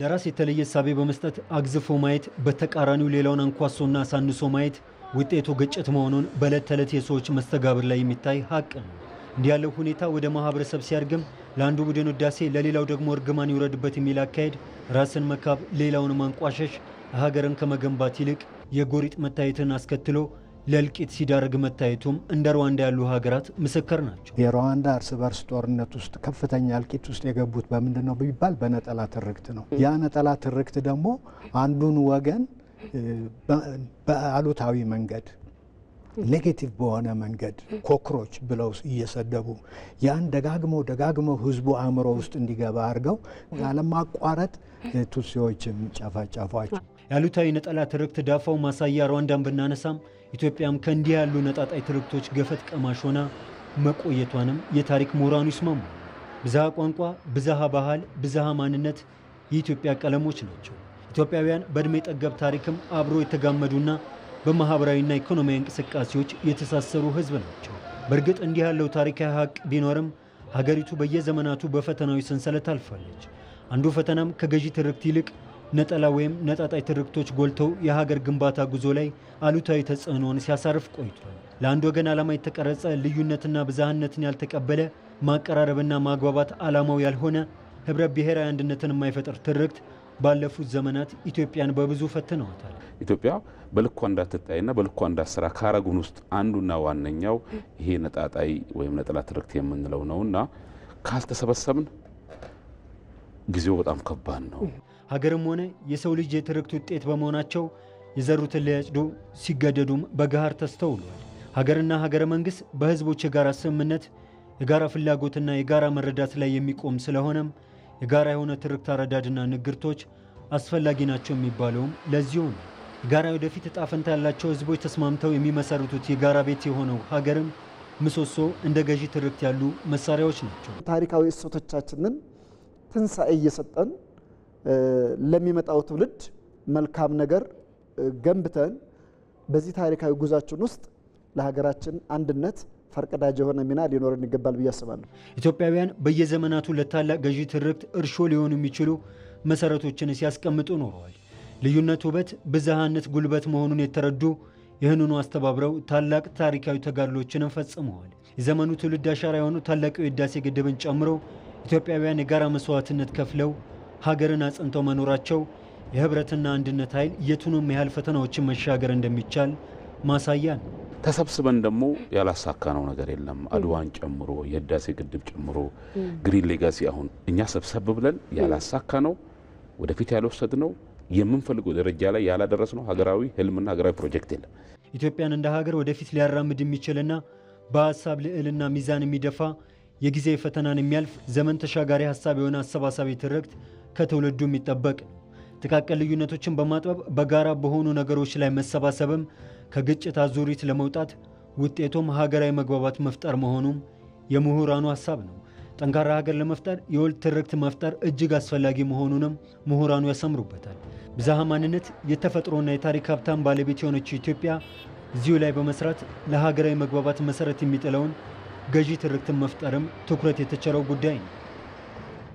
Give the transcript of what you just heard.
ለራስ የተለየ እሳቤ በመስጠት አግዝፎ ማየት፣ በተቃራኒው ሌላውን አንኳሶና አሳንሶ ማየት ውጤቱ ግጭት መሆኑን በዕለት ተዕለት የሰዎች መስተጋብር ላይ የሚታይ ሀቅ ነው። እንዲህ ያለው ሁኔታ ወደ ማህበረሰብ ሲያርግም ለአንዱ ቡድን ውዳሴ ለሌላው ደግሞ እርግማን ይውረድበት የሚል አካሄድ ራስን መካብ፣ ሌላውን ማንቋሸሽ ሀገርን ከመገንባት ይልቅ የጎሪጥ መታየትን አስከትሎ ለእልቂት ሲዳርግ መታየቱም እንደ ሩዋንዳ ያሉ ሀገራት ምስክር ናቸው። የሩዋንዳ እርስ በርስ ጦርነት ውስጥ ከፍተኛ እልቂት ውስጥ የገቡት በምንድን ነው ቢባል በነጠላ ትርክት ነው። ያ ነጠላ ትርክት ደግሞ አንዱን ወገን በአሉታዊ መንገድ ኔጌቲቭ በሆነ መንገድ ኮክሮች ብለው እየሰደቡ ያን ደጋግመው ደጋግመው ህዝቡ አእምሮ ውስጥ እንዲገባ አድርገው ያለማቋረጥ ቱሲዎችም ጨፈጨፏቸው። ያሉታዊ ነጠላ ትርክት ዳፋው ማሳያ ሩዋንዳን ብናነሳም ኢትዮጵያም ከእንዲህ ያሉ ነጣጣይ ትርክቶች ገፈት ቀማሽ ሆና መቆየቷንም የታሪክ ምሁራኑ ይስማሙ። ብዝሃ ቋንቋ፣ ብዝሃ ባህል፣ ብዝሃ ማንነት የኢትዮጵያ ቀለሞች ናቸው። ኢትዮጵያውያን በዕድሜ ጠገብ ታሪክም አብሮ የተጋመዱና በማኅበራዊና ኢኮኖሚያዊ እንቅስቃሴዎች የተሳሰሩ ሕዝብ ናቸው። በእርግጥ እንዲህ ያለው ታሪካዊ ሀቅ ቢኖርም ሀገሪቱ በየዘመናቱ በፈተናዊ ሰንሰለት አልፋለች። አንዱ ፈተናም ከገዢ ትርክት ይልቅ ነጠላ ወይም ነጣጣይ ትርክቶች ጎልተው የሀገር ግንባታ ጉዞ ላይ አሉታዊ ተጽዕኖን ሲያሳርፍ ቆይቷል። ለአንድ ወገን ዓላማ የተቀረጸ ልዩነትና ብዝሃነትን ያልተቀበለ ማቀራረብና ማግባባት ዓላማው ያልሆነ ህብረ ብሔራዊ አንድነትን የማይፈጥር ትርክት ባለፉት ዘመናት ኢትዮጵያን በብዙ ፈትነዋታል። ኢትዮጵያ በልኳ እንዳትታይና በልኳ እንዳትሰራ ካረጉን ውስጥ አንዱና ዋነኛው ይሄ ነጣጣይ ወይም ነጠላ ትርክት የምንለው ነውና ካልተሰበሰብን ጊዜው በጣም ከባድ ነው። ሀገርም ሆነ የሰው ልጅ የትርክት ውጤት በመሆናቸው የዘሩትን ሊያጭዱ ሲገደዱም በገሃር ተስተውሏል። ሀገርና ሀገረ መንግሥት በህዝቦች የጋራ ስምምነት፣ የጋራ ፍላጎትና የጋራ መረዳት ላይ የሚቆም ስለሆነም የጋራ የሆነ ትርክት አረዳድና ንግርቶች አስፈላጊ ናቸው የሚባለውም ለዚሁ ነው። የጋራ ወደፊት እጣ ፈንታ ያላቸው ህዝቦች ተስማምተው የሚመሰርቱት የጋራ ቤት የሆነው ሀገርም ምሰሶ እንደ ገዢ ትርክት ያሉ መሳሪያዎች ናቸው። ታሪካዊ እሴቶቻችንን ትንሣኤ እየሰጠን ለሚመጣው ትውልድ መልካም ነገር ገንብተን በዚህ ታሪካዊ ጉዟችን ውስጥ ለሀገራችን አንድነት ፈርቀዳጅ የሆነ ሚና ሊኖረን ይገባል ብዬ አስባለሁ። ኢትዮጵያውያን በየዘመናቱ ለታላቅ ገዢ ትርክት እርሾ ሊሆኑ የሚችሉ መሰረቶችን ሲያስቀምጡ ኖረዋል። ልዩነት ውበት፣ ብዝሃነት ጉልበት መሆኑን የተረዱ ይህንኑ አስተባብረው ታላቅ ታሪካዊ ተጋድሎችንም ፈጽመዋል። የዘመኑ ትውልድ አሻራ የሆኑ ታላቁ የህዳሴ ግድብን ጨምሮ ኢትዮጵያውያን የጋራ መስዋዕትነት ከፍለው ሀገርን አጽንተው መኖራቸው የህብረትና አንድነት ኃይል የቱንም ያህል ፈተናዎችን መሻገር እንደሚቻል ማሳያ ነው። ተሰብስበን ደግሞ ያላሳካነው ነገር የለም። አድዋን ጨምሮ የህዳሴ ግድብ ጨምሮ ግሪን ሌጋሲ አሁን እኛ ሰብሰብ ብለን ያላሳካነው ወደፊት ያልወሰድነው የምንፈልገው ደረጃ ላይ ያላደረስነው ሀገራዊ ህልምና ሀገራዊ ፕሮጀክት የለም። ኢትዮጵያን እንደ ሀገር ወደፊት ሊያራምድ የሚችልና በሀሳብ ልዕልና ሚዛን የሚደፋ የጊዜ ፈተናን የሚያልፍ ዘመን ተሻጋሪ ሀሳብ የሆነ አሰባሳቢ ትርክት ከትውልዱ የሚጠበቅ ጥቃቅን ልዩነቶችን በማጥበብ በጋራ በሆኑ ነገሮች ላይ መሰባሰብም ከግጭት አዙሪት ለመውጣት ውጤቱም ሀገራዊ መግባባት መፍጠር መሆኑም የምሁራኑ ሀሳብ ነው። ጠንካራ ሀገር ለመፍጠር የወል ትርክት መፍጠር እጅግ አስፈላጊ መሆኑንም ምሁራኑ ያሰምሩበታል። ብዝሃ ማንነት የተፈጥሮና የታሪክ ሀብታም ባለቤት የሆነችው ኢትዮጵያ እዚሁ ላይ በመስራት ለሀገራዊ መግባባት መሰረት የሚጥለውን ገዢ ትርክትን መፍጠርም ትኩረት የተቸረው ጉዳይ ነው።